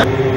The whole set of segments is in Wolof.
Yeah.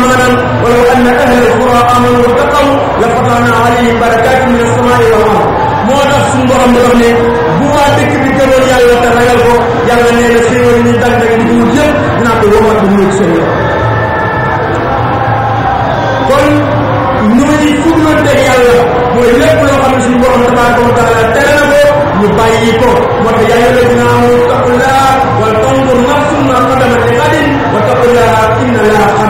أمانا ولو أن أهل القرى آمنوا واتقوا لفتحنا عليهم بركات من السماء والأرض moo tax suñu borom dafa ne bu waa dëkk bi gëmoon yàlla te ragal ko yàlla nee na xéewal ñu dal rek di wut yëpp dinaa ko yomaat bu ñëw seen yoon kon ñu ngi fuglante yàlla mooy lépp loo xam ne suñu borom tabaraka wa taala tere na ko ñu bàyyi ko moo tax yàlla la dina amul taqullaa wal tanzur nafsun ma qaddamat li xadin wa taqullaa inna laa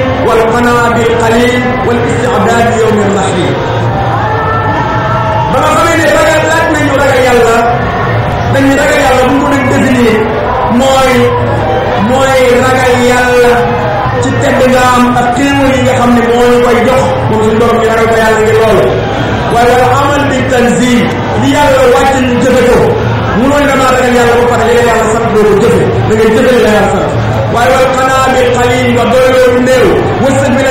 والقناعة بالقليل والاستعداد يوم المحيط ba nga xamee ne ragal laaj nañu ragal yàlla dañu ragal yàlla bu ko doon définir mooy mooy ragal yàlla ci tedd nga am ak xéewal yi nga xam ne moo ñu koy jox moom suñu borom ñu ragal ko yàlla ngir loolu wala amal bi tanzil li yàlla wàcc ñu jëfe ko mu noonu damaa ragal yàlla ba pare li la yàlla sant doo ko jëfe da ngay jëfe li la yàlla sant waaye wala القليل وذل النيو وسب من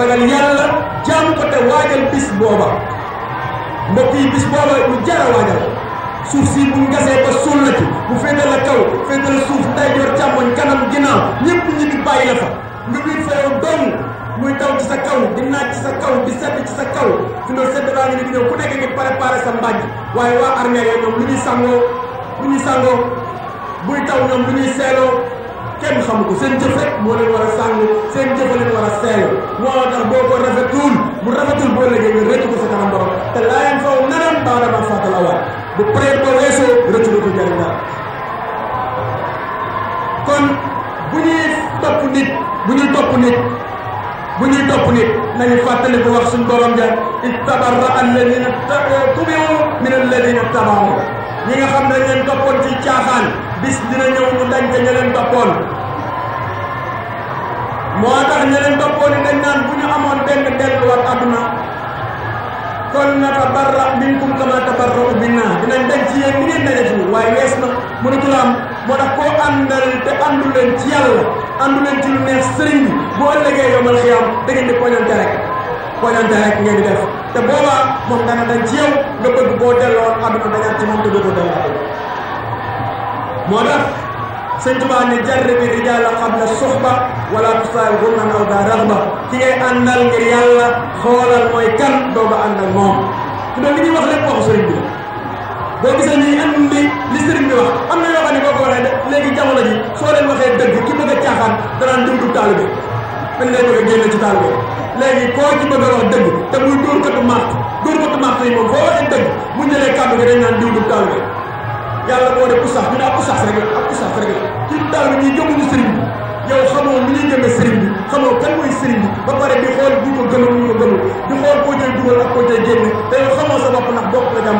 ragal yàlla jaamu ko te waajal bis booba mbokk yi bis booba lu jar a waajal suuf si bu ngasee ba suul la bu féete la kaw féete la suuf ndeyjoor càmmoñ kanam ginnaaw ñëpp ñi ngi bàyyi la fa nga wéet fa yow dong muy taw ci sa kaw di naaj ci sa kaw di sedd ci sa kaw fi noonu sedd baa ngi ni di ñëw ku nekk ngi préparé sa mbàjj waaye waa armée yooyu ñoom lu ñuy sangoo lu ñuy sangoo buy taw ñoom lu ñuy seeloo kenn xamu ko seen jëf rek moo leen war a sàng seen jëf leen war a seel moo tax boo ko rafetul bu rafetul boo légee nga rëcc ko sa kanam borom te laa faw nanam baara ma fàttal awaat bu pré ba weesoo rëcc ko jëriñ dara kon bu ñuy topp nit bu ñuy topp nit bu ñuy topp nit nañu fàttali ko wax suñ borom ja ittabarra alladina tubiu min alladina tabaru ñi nga xam dañ leen toppoon ci caaxaan bis dina ñëw mu dañ te ña leen toppoon moo tax ña leen toppoon dañ naan bu ñu amoon benn delluwaat aduna kon na barra min kum kama tabarra'u binna dinañ dañ ci yéen ni ngeen daje ci waaye wees na mu mënatul am moo tax koo àndal te àndu leen ci yàlla àndu leen ci lu neex sëriñ bi bu ëllëgee yomal xiyam da ngeen di poñante rek koynanta hay ko ngeen di def te booba moom dana dañ ci yow nga bëgg boo delloo aduna dañaat ci moom tudd ko delloo moo tax sëñ tubaa ne jarre bi rijal qabla suxba wala tusal gumna aw da raxba ki ngay andal ngir yalla xoolal moy kan dooga àndal moom ku doon li ñuy wax rek ko sëriñ bi boo gisee ni andi li li bi wax am na yoo xam ne boo legi jamono ji so len waxe deug ki bëgg a dara danaan dundub taalibe dañ lay bëgg a ci taalibe léegi koo ci bëgg a wax dëgg te muy dóor katu màq dóor katu màq yi moom foo waxee dëgg bu jëlee kàddu gi dañ naan diw du taalibe yàlla moo de usax ñu ne ab usax rek la ab usax rek la ci taalibe ñi gëmuñu sëriñ bi yow xamoo ni ñuy gëmee sëriñ bi xamoo kan mooy sëriñ bi ba pare di xool bu ko gëmul bu ko gëmul xool koo cay dugal ak koo cay te yow xamoo sa bopp ndax bokk nga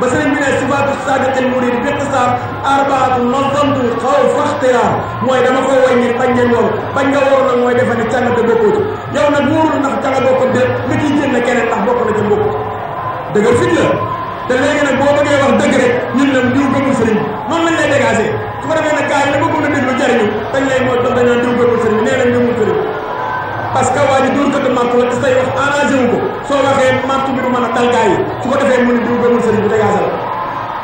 ba sëriñ bi ne sifaatu saadiqil murid bépp saam arbaatu nazamtu xaw faxtiraam mooy dama koy woy bañ nañ loolu bañ nga waru nag mooy defe ne càng te bokkoo ci yow nag wóorul ndax càng bokk de li ciy génn keneen ndax na ca bokk dëgg fit la te léegi nag boo bëggee wax dëgg rek ñun la diw gëmul sëriñ noonu lañ lay dégagé su ko a jariñu dañ lay mooy dox dañ naan nee nañ gëmul sëriñ parce que waa ji dóor kat màtt la te tey wax arrangé wu ko soo waxee màtt bi du mën a tal yi su ko defee mu ne diw gëmul sëriñ bi dagaasal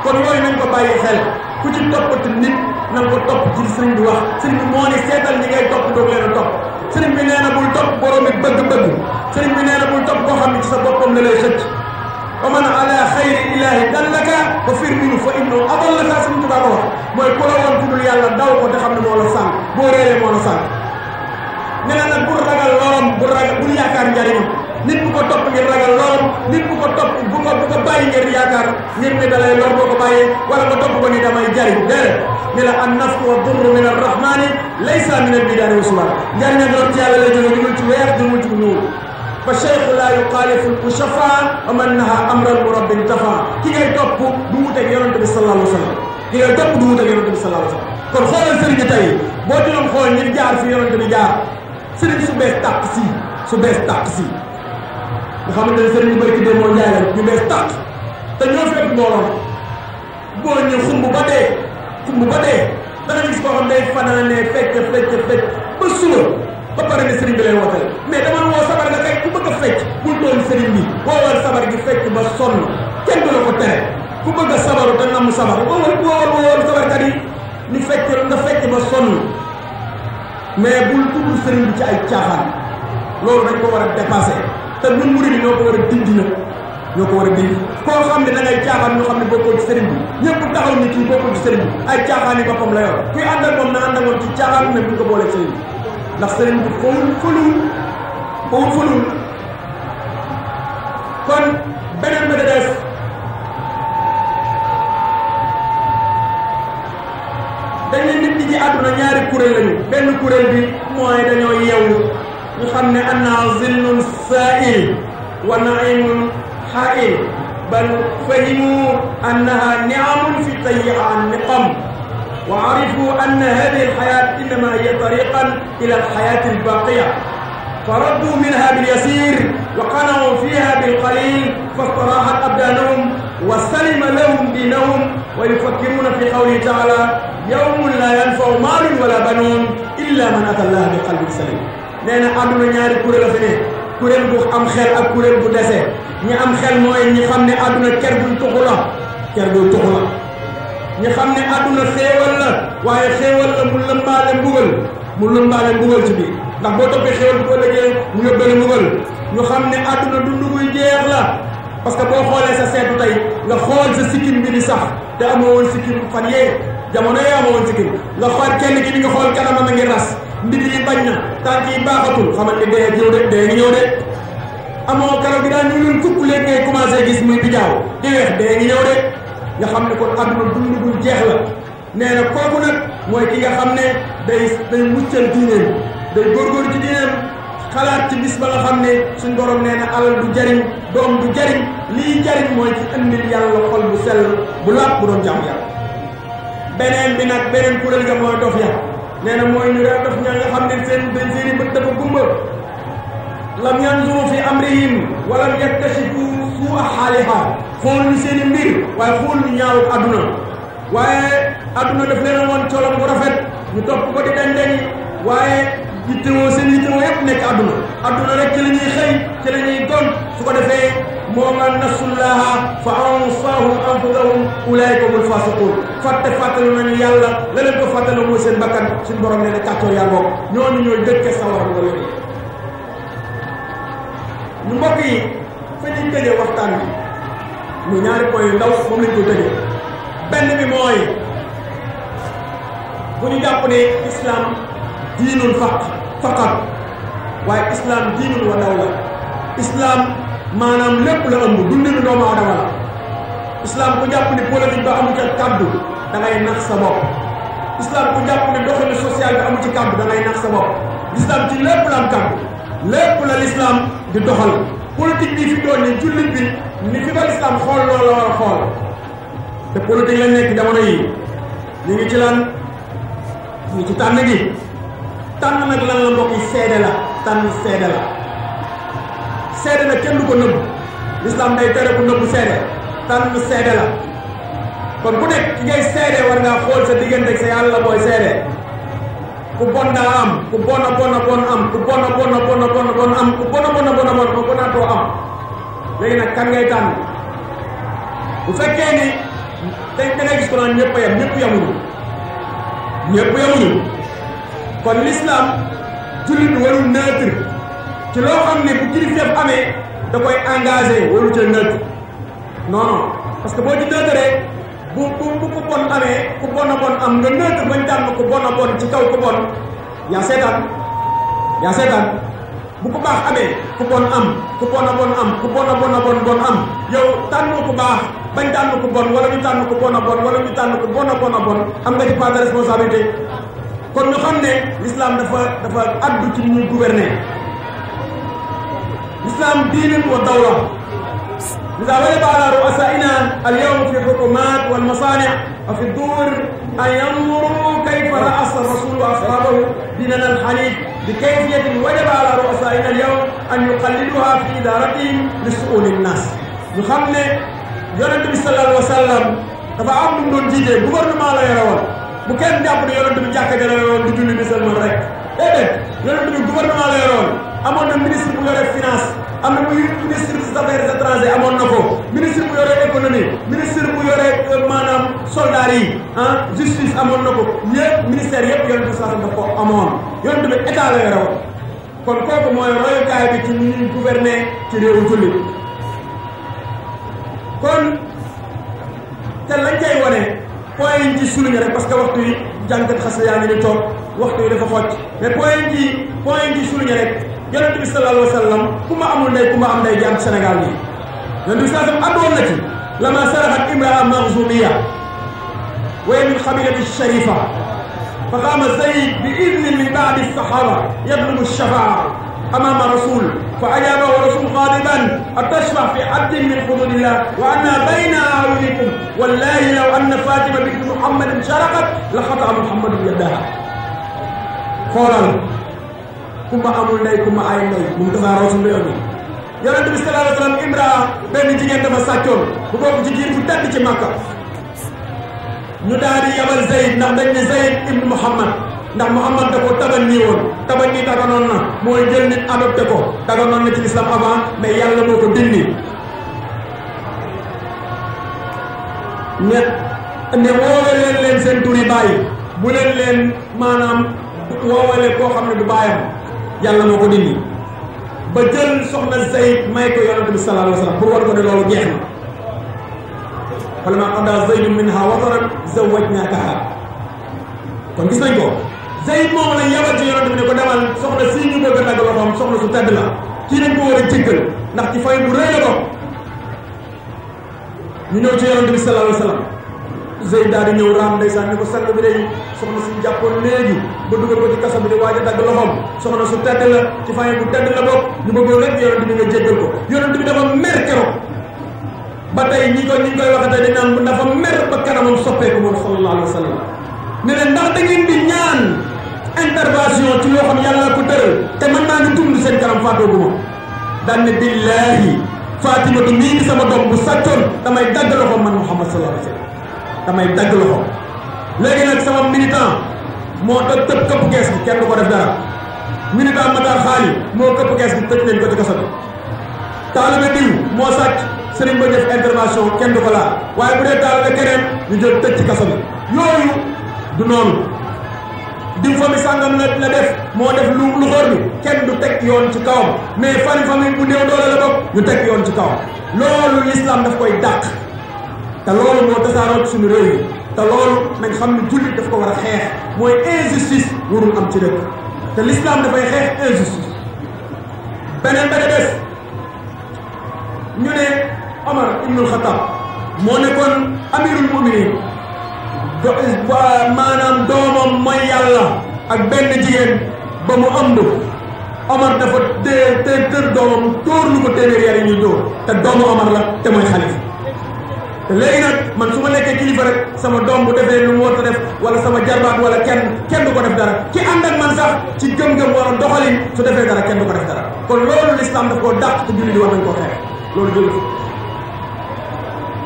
kon yooyu nañ ko bàyyi xel ku ci toppati nit na nga ko topp ci sëriñ bi wax sëriñ bi seetal ñi ngay topp doog leen a topp sëriñ bi nee na topp borom it bëgg-bëgg sëriñ bi nee topp koo ci sa boppam la lay xëcc wa man ala xayri ila yaakaar njariñu nit bu ko topp ngir ragal lool nit bu ko topp bu ko bu ko bàyyi ngir yaakaar ngir ne dalay lor boo ko bàyyee wala nga topp ko ni damay jariñ déedéet ne la an nafsu wa durru min arrahmani laysa min albidaani uswa njariñ ak lor ci yàlla lay jóge jumul ci weer jumul ci ñuul fa cheikh la yuxaalifu lmusafa wa man naha amran mu rabbin tafa ki ngay topp du wuteeg yonente bi sallallahu alayhi wa sallam ki ngay topp du wuteeg yonente bi sallallahu alayhi wa sallam kon xoolal sëriñ bi tey boo ci doon xool ñi jaar fi yonente bi jaar sëriñ su bees tàq sii su bees tàq si nga xamante ne sëriñ bi béykat yi moo njaay la ñu bees tàq te ñoo fekk mbooloo boo ñëw xumb ba dee xumb ba dee da nga gis koo xam day fanaanee fecc mais dama woo sabar nga fekk ku bëgg a bi woowal sabar gi fecc ba sonn kenn du la ko tere ku bëgg sabaru te namm sabar woowal woowal woowal sabarkat yi ñu fecc nga fecc ba sonn mais bul tudd sëriñ bi ci ay caaxaan. loolu dañ ko war a dépassé te ñun murid yi ñoo ko war a dindi nag ñoo ko war a dindi koo xam ne da ngay caaxaan ñoo xam ne bokkoo ci sëriñ bi ñëpp taxaw ni kii bokkoo sëriñ bi ay caaxaan yi boppam la yor kuy ànd moom na ànd ak moom ci caaxaan bi ne buñ ko boolee ndax sëriñ bi fawul fëluwul fawul fëluwul kon beneen bi da des dañ ne nit ñi ci àdduna ñaari kuréel lañu benn kuréel bi mooy dañoo yeewu ñu أنها ظل سائل ونعيم حائل بل فهموا أنها نعم في annaha النقم وعرفوا أن هذه الحياة إنما هي طريقا إلى الحياة الباقية فردوا منها باليسير وقنعوا فيها بالقليل فاستراحت أبدانهم وسلم لهم دينهم ويفكرون في قوله تعالى يوم لا ينفع مال ولا بنون إلا من أتى الله بقلب سليم nee na àdduna ñaari kuréel a fi ne kuréel bu am xel ak kuréel bu dese ñi am xel mooy ñi xam ne àdduna ker buñ tuxu la ker buñ tuxu la ñi xam ne àdduna xéewal la waaye xéewal la mu lëmbaale mbugal mu lëmbaale mbugal ci biir ndax boo toppee xéewal bu ko lëggee mu yóbbale mbugal ñu xam ne àdduna dund buy jeex la parce que boo xoolee sa seetu tey nga xool sa sikkim bi di sax te amoo woon sikkim fan yee jamono yee amoo woon sikkim nga xool kenn ki bi nga xool kanamam a ngi ras mbir yi bañ na tànk yi baaxatul xamal ni dee ñëw de dee ngi ñëw de amoo karaw gi daal ñu leen fukk léegi ngay commencé gis muy bijaaw di weex dee ne na kooku nag mooy ki nga xam ne day day muccal diineem day góorgóor ci diineem xalaat ci bis ba nga xam ne na alal du jariñ doom du jariñ lii jariñ mooy ci indil yàlla xol bu bu laab bu doon jàmm yàlla beneen bi nag beneen kuréel ga mooy dof ya nee na mooy ñu nga def ñaa nga xam ne seen dañ seen i bët dafa gumba lam yanzuru fi amrihim walam yaktashifu suu a xaaliha xool ñu seen i mbir waaye xool ñu ñaawut adduna waaye adduna daf leen a woon colam bu rafet ñu topp ko di den den waaye jittewoo rek nekk adduna adduna rek ci la ñuy xëy ci la ñuy gon su ko defee moo man nasullaha fa ñu mbokk yi fa waxtaan bi ñu ñaari point yu ndaw moom lañ ko tëjee benn bi mooy bu ñu jàpp ne islam diinul faq faqat waaye islam diinul wa daw la islam maanaam lépp la ëmb dundinu doomu aadama la islam ku jàpp ni politique ba amu ca kàddu da ngay nax sa bopp islam ku jàpp ne doxalin social bi amu ci kàddu da ngay nax sa bopp l'islam ci lépp la am kàddu lépp la l'islam di doxal politique bi fi doon ni jullit bi ni fi ko l'islam xool loolu la war a xool te politique la nekk jamono yi ñu ngi ci lan ñu ci tànn gi tànn nag la mbokk seede la tànn seede la seede la kenn du ko nëbb l'islam day tere ku nëbb seede tànn seede la kon bu nekk ki ngay seede war ngaa xool sa diggante ak sa yàlla booy seede ku bon daa am ku bon a bon a bon am ku bon a bon a bon a bon a bon am ku bon a bon a bon a bon ku bonaatoo am léegi nag kan ngay tànn bu fekkee ni dañ da ngay gis ko naan ñëpp a yem ñëpp yamuñu ñëpp yamuñu kon l'islam jullit warul neutre ci loo xam ne bu kilifteef amee da koy engagé waru ca neutre non non parce que boo ci neutre bu bu bu ku bon amee ku bon a bon am nga neutre bañ tànn ku bon a bon ci kaw ku bon yaa seetaan yaa seetaan bu ku baax amee ku bon am ku a bon am ku bon a bon a bon bon am yow tànn ku baax bañ tànn ku bon wala ñu tànn ku bon a bon wala ñu tànn ku bon a am nga ci part de responsabilité kon ñu xam ne l'islam dafa dafa addu ci ñuy gouverner l'islam diinin wa dawla إذا غلب على رؤسائنا اليوم في الحكومات والمصانع وفي الدور أن ينظروا كيف رأس الرسول وأصحابه ديننا الحنيف بكيفية وجب على رؤسائنا اليوم أن يقللوها في إدارتهم لسؤول الناس نخمن يونس صلى الله عليه وسلم dafa am lu doon jiite gouvernement la bu kenn jàpp ne yonent bi jàkka ja la yoroon di julli di sëlmal rek déedéet yonent bi gouvernement la yoroon amoon na ministre bu yore finance am na muy ministre des affaires étrangères amoon na ko ministre bu yore économie ministre bu yore euh, maanaam soldats yi ah justice amoon na ko yëpp ministère yëpp yonent bi saasam daf ko amoon yonent bi état la yore woon kon kooku mooy royukaay bi ci ñuy gouverner ci réewu jullit kon te lañ cay wane point ji souligner rek parce que waxtu yi jàngat xasa yaa ngi ni toog waxtu yi dafa xocc mais point ji point ji souligner rek yonente bi sallallahu alayhi wa sallam ku ma amul ndey ku ma am ndey di am Sénégal nii yonente bi sallallahu alayhi wa sallam àndoon na ci lama saraxat imraa maxzumiya وهي من قبيلة الشريفة فقام زيد بإذن من بعد الصحابة يطلب الشفاعة امام الرسول فاجابه الرسول غالبا اتشفع في عبد من حدود الله وانا بين اعينكم والله لو ان فاطمه بنت محمد شرقت لقطع محمد يدها فورا كما امر الله كما اي الله منتهى رسول الله يرى النبي صلى الله عليه وسلم امراه بين جنيه دفا ساكتون وبوك جنيه فتاتي مكه نداري يا زيد نعم زيد ابن محمد نعم محمد دكو تبنيون tabax yi daganoon na mooy jël nit adopté ko daganoon na ci lislam avant mais yàlla moo ko dindi ne ne woowe leen leen seen turi bàyyi bu leen leen maanaam woowale koo xam ne du bàyyam yàlla moo ko dindi ba jël soxna Zayd may ko yonente bi sallallahu alayhi wa sallam pour war ko ne loolu jeex na falammaa qadaa Zaydun minhaa wataran zawwajnaakahaa kon gis nañ ko Zayd moom la yabal ci yonent bi ne ko demal soxna si ñu bëgg a dagg loxoom soxna su tedd la a jéggal ndax ci fay bu rëy la ko ñu ñëw ci yonent bi sallallahu alayhi wa jàppoon léegi ba dugal ko ci kaso bi di waaj a dagg loxoom soxna su tedd la ci fay bu tedd la bokk ñu bëggoon rek yonent bi nga jéggal ko yonent bi dafa mer keroog ba tey ñi ko ñi koy waxe tey dañ naan dafa mer ba kanamam soppeeku moom sallallahu alayhi wa sallam ne ne ndax da ngeen ñaan intervention ci loo xam yàlla ko tëral te mën naa ni tund seen kanam faatooguma daan ne billaahi Fatimatu mii ngi sama doom bu sàccoon damay dagg loxo man Muhammad sallallahu alayhi wa sallam damay dagg loxo léegi nag sama militant moo tëb tëb këpp kees gi kenn du ko def dara militant Matar Xaali moo këpp kees gi tëj leen ko ci kaso bi taalibe diw moo sàcc sëriñ ba def intervention kenn du ko laal waaye bu dee taalibe keneen ñu jël tëj ci kaso yooyu diw famille sàngam la la def moo def lu lu xorlu kenn du teg yoon ci kawam mais fan famille bu néew doole la bokk ñu teg yoon ci kawam loolu l'islam daf koy dàq te loolu moo tasaaroo ci suñu réew yi te loolu nañ xam ne jullit daf ko war a xeex mooy injustice warul am ci dëkk te l'islam dafay xeex injustice beneen ba des ñu ne Omar ibnul Xattaab moo nekkoon amirul muminin do maanaam doomam mooy yàlla ak benn jigéen ba mu ëmb Omar dafa tée te tër doomam tóor lu ko téeméer yar ñuy dóor te doomu Omar la te mooy xalifa te léegi nag man su ma nekkee kilifa rek sama doom bu defee lu mu war def wala sama jarbaat wala kenn kenn du ko def dara ki ànd ak man sax ci gëm-gëm wala doxalin su dara kenn du ko def dara kon loolu l'islam daf koo dàq te julli di war nañ koo xeex loolu jël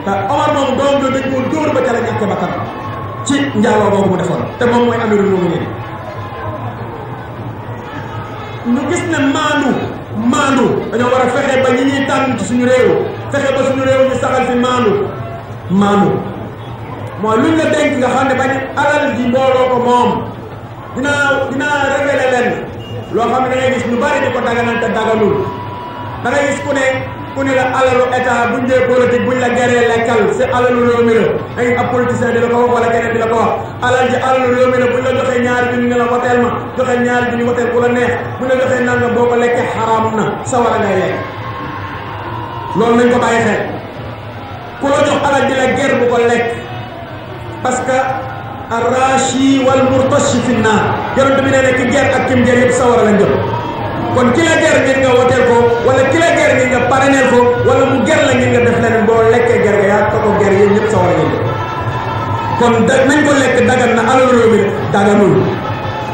te Omar moom doom bi dañ koo dóor ba ca la ñàkkee bakkanam ci njaaloo boobu mu defoon te moom mooy amirul mu'minin ñu gis ne maandu maandu dañoo war a fexe ba ñi ñuy tànn suñu réew fexe ba suñu réew ñu saxal fi maandu maandu mooy luñ la dénk nga xam ne bañ alal ji mbooloo ko moom dinaa dinaa révélé leen loo xam ne da ngay gis ñu bari di ko daganal te daganul gis ku ne ku ne la alalu état buñ dee politique buñ la geree lekkal si alalu réew mi la ay ab politicien di la ko wax wala keneen di la ko wax alal ji alalu réew mi ma joxee boo ko lekkee xaraam na sa a ngay lekk loolu nañ ko bàyyi xel ku la jox alal di la ger bu ko lekk parce que arrachi wal murtachi fi naar yonent bi nee ne ki ger ak kim ger yëpp sa a la njëm kon ki la ger ngir nga woteel ko wala ki la ger ngir nga paraneel ko wala mu ger la ngir nga def leneen boo lekkee ger nga yaa ko ko ger yéen ñëpp sa war kon da nañ ko lekk dagan na alalu réew mi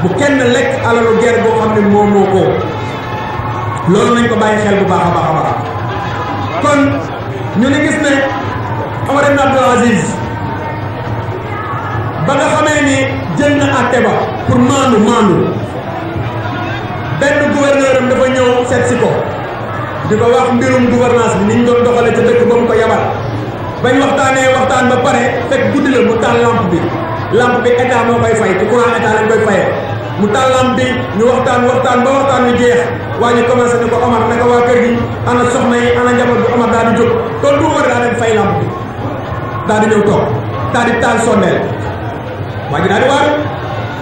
bu kenn lekk alalu ger boo xam ne moom ko loolu nañ ko bàyyi xel bu baax a baax a kon ñu ni gis ne Omar ibn Abdul Aziz ba nga xamee ni jël na àtte ba pour maandu maandu benn gouverneur am dafa ñëw seet si ko di ko wax mbirum gouvernance bi ni ñu doon doxale ca dëkk ba mu ko yabal bañ waxtaanee waxtaan ba pare fekk guddi la mu taal lampe bi lampe bi état moo koy fay ci courant état lañ koy fayee mu taal lampe bi ñu waxtaan waxtaan ba waxtaan wi jeex waa ñu commencé ne ko Omar ne ko waa kër gi ana soxna yi ana njaboot bi Omar daal di jóg kon bu war daa dem fay lampe bi daal di ñëw toog daal di taal sonneel waa ji daal di waar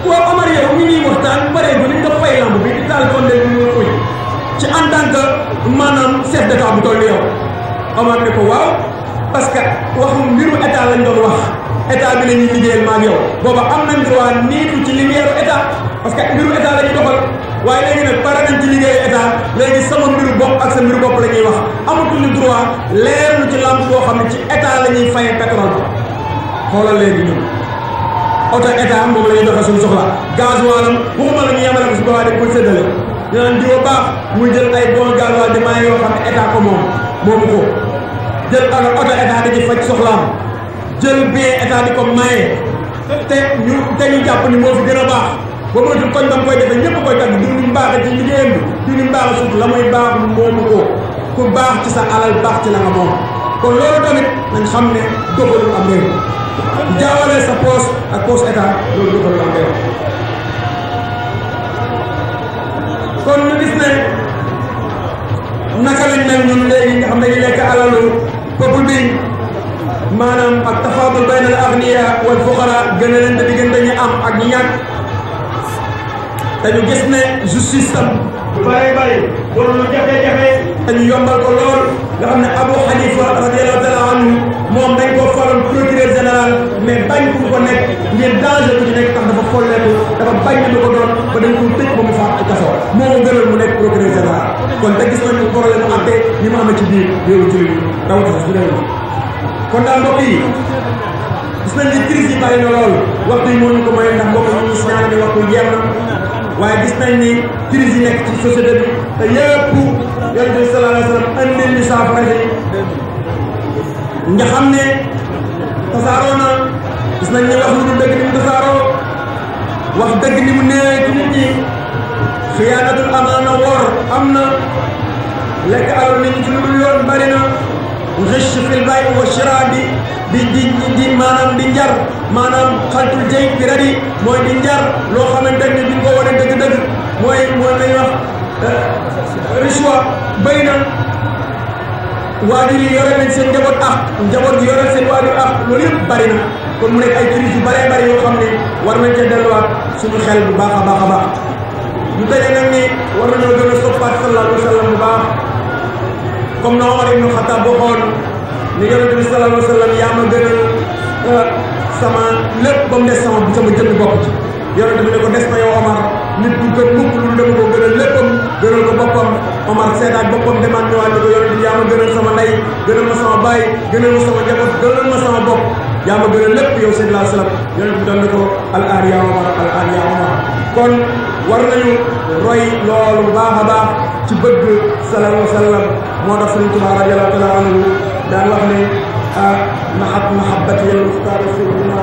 wa omar ye mi ni waxtaan pare bu ni nga fay lamb bi di taal kon de mu ko ci en tant que manam chef d'état bu tollu yow omar ne ko waaw parce que waxu mbiru état lañ doon wax état bi lañuy liggéeyal maag yow booba am nañ droit niitu ci lumière état parce que mbiru état lañuy doxal waaye léegi nag pare nañ ci liggéey état léegi sama mbiru bopp ak sa mbiru bopp la ñuy wax amatuñu droit leerlu ci lamb ci état la ñuy pétrole oto état am boobu la ñuy doxee suñu soxla gasoil am waxuma la ñu yemale ko si gawaay di ko séddale dinaan diwa muy jël ay bon di maye yoo xam ne ko ko jël ala oto état di ci faj soxlaam jël bien état di ko maye te ñu te ñu jàpp ni moo fi gën a baax ba mënatul koñ bam koy defee ñëpp koy tagg duñu ci baax ko ku baax ci sa alal baax ci la nga moom kon tamit nañ am ku jaawalee sa poche ak poche état loolu du kon ñu gis ne naka lañ mel ñun léegi nga xam ne dañuy lekk alalu peuple bi maanaam ak a leen di diggante ñu am ak ñi ñàkk te ñu gis ne justice tam bare bare wala lu jafe-jafe te ñu yombal ko lool nga xam ne Abu Hanifa moom dañ ko faloon procureur général mais bañ ku ko nekk ngeen danger ku ci nekk tax dafa folleeku dafa bañ lu ko doon ba dañ ko tëj ba mu faat ci kaso moo ko gënal mu nekk procureur général kon te gis nañu problème mu àtte ni mu amee yi gis nañ ni crise moo ko may ndax mbokk yi ñu signalé ne waxtu jeex na waaye gis nañ ni crise yi nekk ci société bi te yëpp yonent bi sallallahu alayhi wa sallam andil ni saafara nga xam ne tasaaroo na gis nañ ne wax lu dul dëgg ni mu tasaaroo wax dëgg ni mu nee ci nit ñi xiyaanatul amaana wor am na lekk alal nit ñi ci lu dul yoon bari na غش في البيع والشراء دي دي دي, دي مانام دي نجار مانام خلط الجيب دي ردي موي دي نجار لو خامن دنگ دي نكو ورن دنگ دنگ موي موي لي واخ رشوة بينا waajur yi yore nañ seen njaboot ak njaboot yi yore seen waajur ak loolu yëpp bari na kon mu nekk ay crise yu bare bari yoo xam ne war nañ ca delluwaat suñu xel bu baax a baax a baax ñu daje nag ni war nañoo gën a soppaat sallallahu alayhi wa bu baax comme na Omar ibnu Xataab waxoon ni yonente bi sallallahu alayhi wa yaa ma gënal eh, sama lépp ba mu des sama sama jënd bopp ci yonente bi ne ko des na yow Omar nit ku gën mukk lu dem ko gënal léppam gënal ko boppam Omar seetaat boppam demaat ñëwaat ni ko yonent bi yaa ma gënal sama ndey gënal ma sama baay gënal ma sama njaboot gënal ma sama bopp yaa ma gënal lépp yow seen laa salam yonent bi doon na ko al aar yaa Omar al aar yaa Omar kon war nañu roy loolu baax a baax ci bëgg sallallahu alayhi wa sallam moo tax Sëriñ Tuubaa radiyallahu taala anhu daan wax ne ah maxab mahabbati al muxtaar sayyidina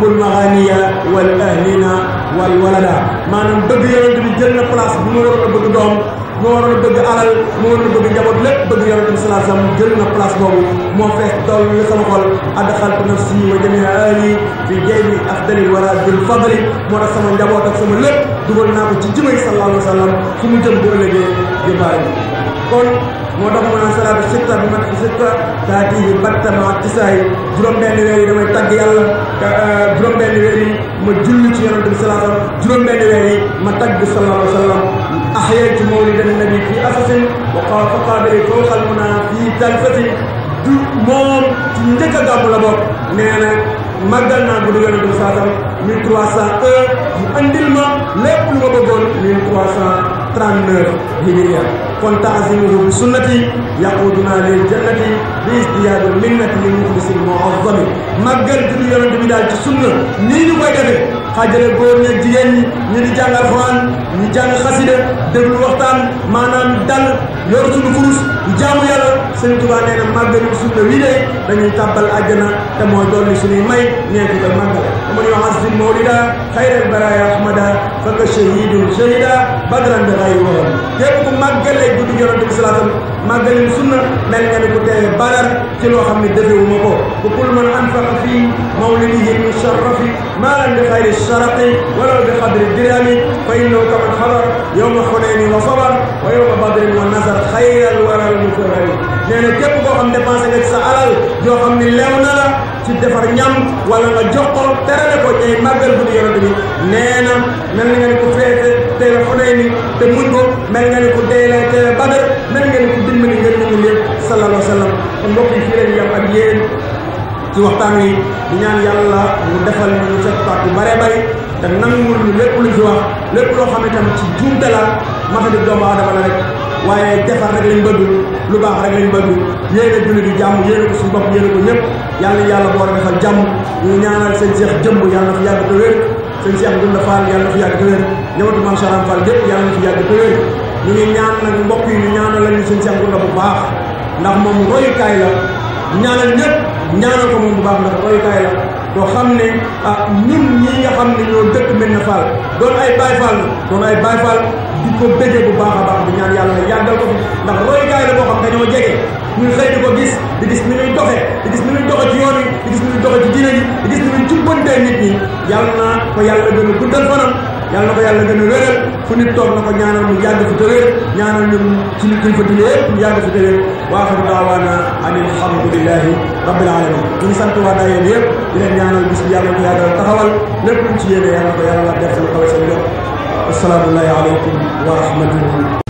bul maganiya wal ahlina waaye walada maanaam bëgg yonent bi jël na place bu mu waroon a bëgg doom moo waroon a bëgg alal moo waroon a bëgg njaboot lépp bëgg yonent bi salaa sallam jël na place boobu moo fees dool la sama xol adxaltu nafsi wa jamia ahli fi jaybi afdali wala dul fadli moo tax sama njaboot ak sama lépp dugal naa ko ci jimay sallallahu alayhi wa sallam fu mu jëm bu ëllëgee kon moo tax mu naan salaatu sitta bi ma sitta taati yi battama tisaayi juróom-benn weer yi damay tagg yàlla euh, juróom-benn weer yi ma julli ci yonente bi salaam juróom yi ma tagg nabi fii asasin wa qaabili fawqal muna fii talfatin du moom ci njëkk a gàmmu la bokk nee na màggal naa guddi yonent bi saasam mille trois cent un mu andil ma lépp lu ma bëggoon mille trois cent trente neuf hijriya kon taasimuhu bi sunnati yaquduna lil jannati bi istiyaadu minnati lil muxlisil muazzami màggal guddi yonent bi daal ci sunna nii ñu koy defee xaajale góor ña jigéen ñi ñu di jàng alxuraan ñu jàng xasida déglu waxtaan maanaam dal yor suñu kurus ñu jaamu yàlla sëñ Tuubaa nee na màggalu sunna wii de dañuy tàbbal àjjana te mooy dolli suñuy may ñeen a koy màggale aman yo hasdin mawlida xayral baraya ahmada faka shahidun shahida badran bi xayri waxam képp ku màggale guddi yonante bi salaatam màggalin sunna mel nga ni ku teewe badar ci loo xam ne defewuma ko bu kul man anfaqa fii mawlidihi min sharafi maalan bi xayri sharaqi walaw bi xadri dirami fa innahu kaman xabar yowma xunayni wa sabar wa yowma badrin wa nasar xayral waral mukaramin nee kep ko xam dépenser nga sa alal yo xam ni lew na la ci defar ñam wala nga jox ko terale ko ci magal bu di yonent bi nee mel nga ni ko fete te la xudee ni te muñ ko mel nga ni ko dee te tey badar mel nga ni ko dimbe ni ngeen ñu lepp sallallahu alayhi wasallam sallam kon mbokk yi fii lañ yam ak yeen ci waxtan yi di ñaan yalla mu defal ñu ci pàkk bu bare bare te nangul ñu lepp lu ci wax lepp lo xamé tam ci juumte la mata di doomu aadama la rek waaye defar rek lañ bëgg lu baax rek lañ bëgg yéene julli di jàmm yéene ko suñu bopp yéene ko ñëpp yàlla yàlla boole defal jàmm ñu ñaanal seen seex jëmb yàlla na fi yàgg te wér seen seex dunda faal yàlla na fi yàgg te wér ñëwatu maam Saram Fall yëpp yàlla na ñu ngi ñaan nag mbokk yi ñu ñaanal lañu seen seex dunda bu baax ndax moom royukaay la ñaanal ñëpp ñaanal ko moom bu baax ndax royukaay la doo xam ne ah ñun ñi nga xam ne ñoo dëkk Médina Fall doon ay Baay Fall doon ay Baay Fall di ko bëggee bu baax a baax di ñaan yàlla yàggal ko fi ndax royukaay la boo xam dañoo jege ñun xëy di ko gis di gis ni ñuy doxee di gis ni ñuy doxee ci yoon di gis ni ñuy doxee ci diine ni ñuy ko yàlla gën a guddal fanam yàlla na ko yàlla gën a wéral fu nit toog na ko ñaanal mu yàgg fi tëwee ñaanal ñun suñu kilifa diine yëpp mu yàgg fi tëwee wa axiru daawaana ani alhamdulillahi rabbil alamin ñu sant waa daayeen yëpp di leen ñaanal bis bi yàlla ko yàlla ci yéene yàlla ko yàlla def suñu kaw seen yoon assalaamu aleykum